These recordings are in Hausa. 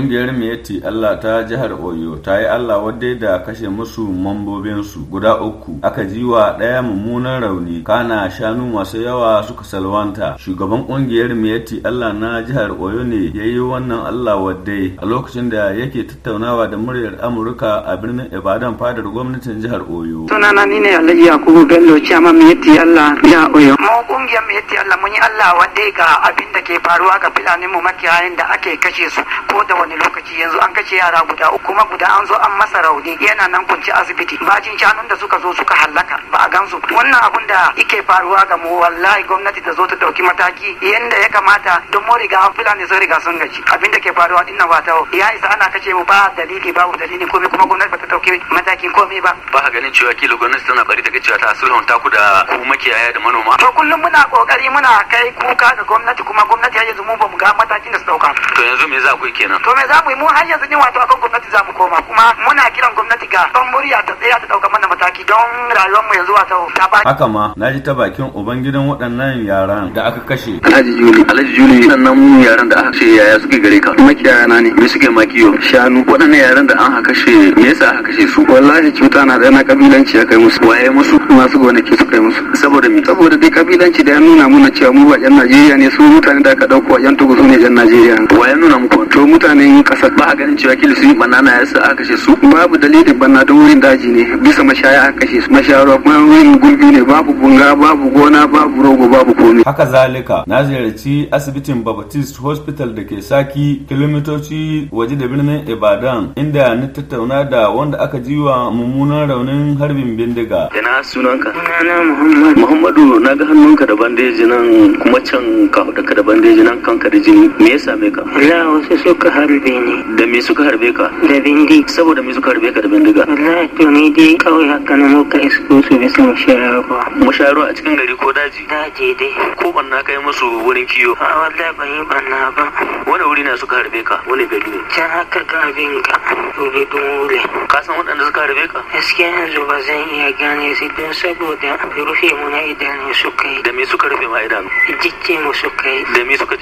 Ƙungiyar Meti Allah ta jihar Oyo ta yi Allah wadda da kashe musu mambobinsu guda uku aka wa ɗaya mummunan rauni kana shanu masu yawa suka salwanta. Shugaban ƙungiyar Meti Allah na jihar Oyo ne ya yi wannan Allah wadda a lokacin da yake tattaunawa da muryar Amurka a birnin Ibadan fadar gwamnatin jihar Oyo. Sunana ni ne Alhaji Yakubu Bello Chairman Meti Allah jihar Oyo. Mu Meti Allah mun yi Allah wadda ga abin da ke faruwa ga Fulani mu makiyayin da ake kashe su ko da wani lokaci yanzu an kace yara guda uku kuma guda an zo an masa rauni yana nan kunci asibiti bajin shanun da suka zo suka hallaka ba a gansu wannan abun da yake faruwa ga mu wallahi gwamnati ta zo ta dauki mataki yanda ya kamata don mu riga an fulani sun riga sun gaji abinda ke faruwa dinnan ba ta ya isa ana kace mu ba dalili ba dalili komai kuma gwamnati ba ta dauki matakin komai ba ba ka ganin cewa kilo gwamnati tana bari ta cewa ta sulhun ta ku da ku makiyaya da manoma to kullum muna kokari muna kai kuka ga gwamnati kuma gwamnati ya yanzu mu ba mu ga matakin da su dauka to yanzu me za ku yi kenan to me za mu yi mu har yanzu ne wato akan gwamnati za mu koma kuma muna kiran gwamnati ga don murya ta tsaya ta dauka mana mataki don rayuwar mu yanzu wato ta ba haka ma ji ta bakin gidan waɗannan yaran da aka kashe Alhaji Juli Alhaji Juli sannan yaran da aka kashe yaya suke gare ka kuma na ne me suke makiyo shanu waɗannan yaran da an haka kashe me yasa aka kashe su wallahi cuta na da na kabilanci ya kai musu waye musu masu gonaki su kai musu saboda me saboda dai kabilanci da ya nuna muna cewa mu ba yan Najeriya ne su mutane da aka dauko yan Togo su ne yan Najeriya waye nuna muku to mutane mutanen kasa ba a ganin cewa kila sun yi banana yasa a kashe su babu dalilin banna don wurin daji ne bisa mashaya a kashe su mashayarwa kuma wurin gulbi ne babu bunga babu gona babu rogo babu komai haka zalika na ziyarci asibitin Baptist Hospital da ke Saki kilomitoci waje da birnin Ibadan inda ni tattauna da wanda aka wa mummunan raunin harbin bindiga ina sunanka sunana Muhammadu na ga hannunka da bandeji nan kuma can ka da bandeji nan kanka da jini me ya same ka ya wasu suka harbe ni da me suka harbe ka da bindi saboda me suka harbe ka da bindiga wallahi to ni dai kawai haka na muka isko su bisa mushayaruwa mushayaruwa a cikin gari ko daji daji dai ko banna kai musu wurin kiyo a wallahi ban yi banna ba wani wuri na suka harbe ka wani bedu can haka ga abin ka wuri dun wuri ka san waɗanda suka harbe ka gaskiya yanzu ba zan iya gane su don saboda rufe mu na idanu suka yi da me suka rufe ma idanu jicce mu suka yi da me suka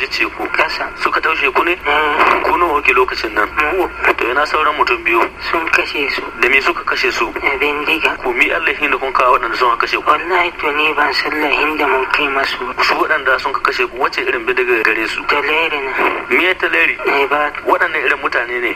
na sauran mutum biyu kashe su da me suka kashe su da bindiga ko mi allahin da kun kawo waɗanda sun kashe ku wallahi to ni ban san la da mun kai masu su waɗanda sun ka kashe ku wace irin bindiga gare su taleri na mi ya taleri ne eh, ba waɗanda irin mutane ne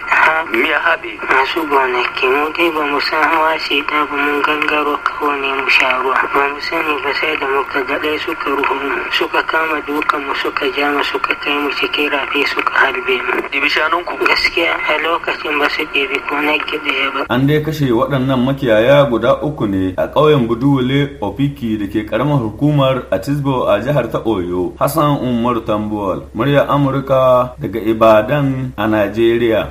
mi ya haɓe masu gonaki mu dai ba mu san hawa ce ta ba mun gangaro kawo ne mu sha ruwa ba mu sani ba sai da muka gaɗe suka ruhu suka kama dukan mu suka ja mu suka kai mu cikin rafi suka harbe mu. Ɗibi shanunku? Gaskiya a lokacin ba su ɗibi ko na gida ya An dai kashe waɗannan makiyaya guda uku ne a ƙauyen Buduwule Opiki da ke ƙaramar hukumar Atisbo a jihar ta Oyo. Hassan Umar Tambuwal, murya Amurka daga Ibadan a Najeriya.